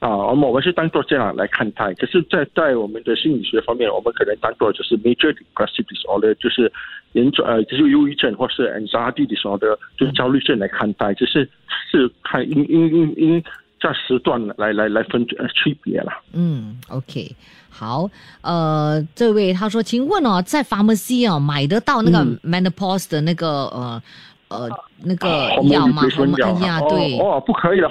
啊，我我們是當做這樣來看待，可是在，在在我們的心理學方面，我們可能當做就是 major depressive disorder，就是嚴重，呃，就是憂鬱症或是 anxiety 的什麼的，就焦慮症來看待，就是是看因因因因在時段來來來分區別啦。呃、嗯，OK，好，呃，這位，他說，請問哦，在 pharmacy 哦買得到那個 menopause 的那個，嗯、呃，呃，那個藥嗎？哎、啊嗯嗯、呀，對哦，哦，不可以了。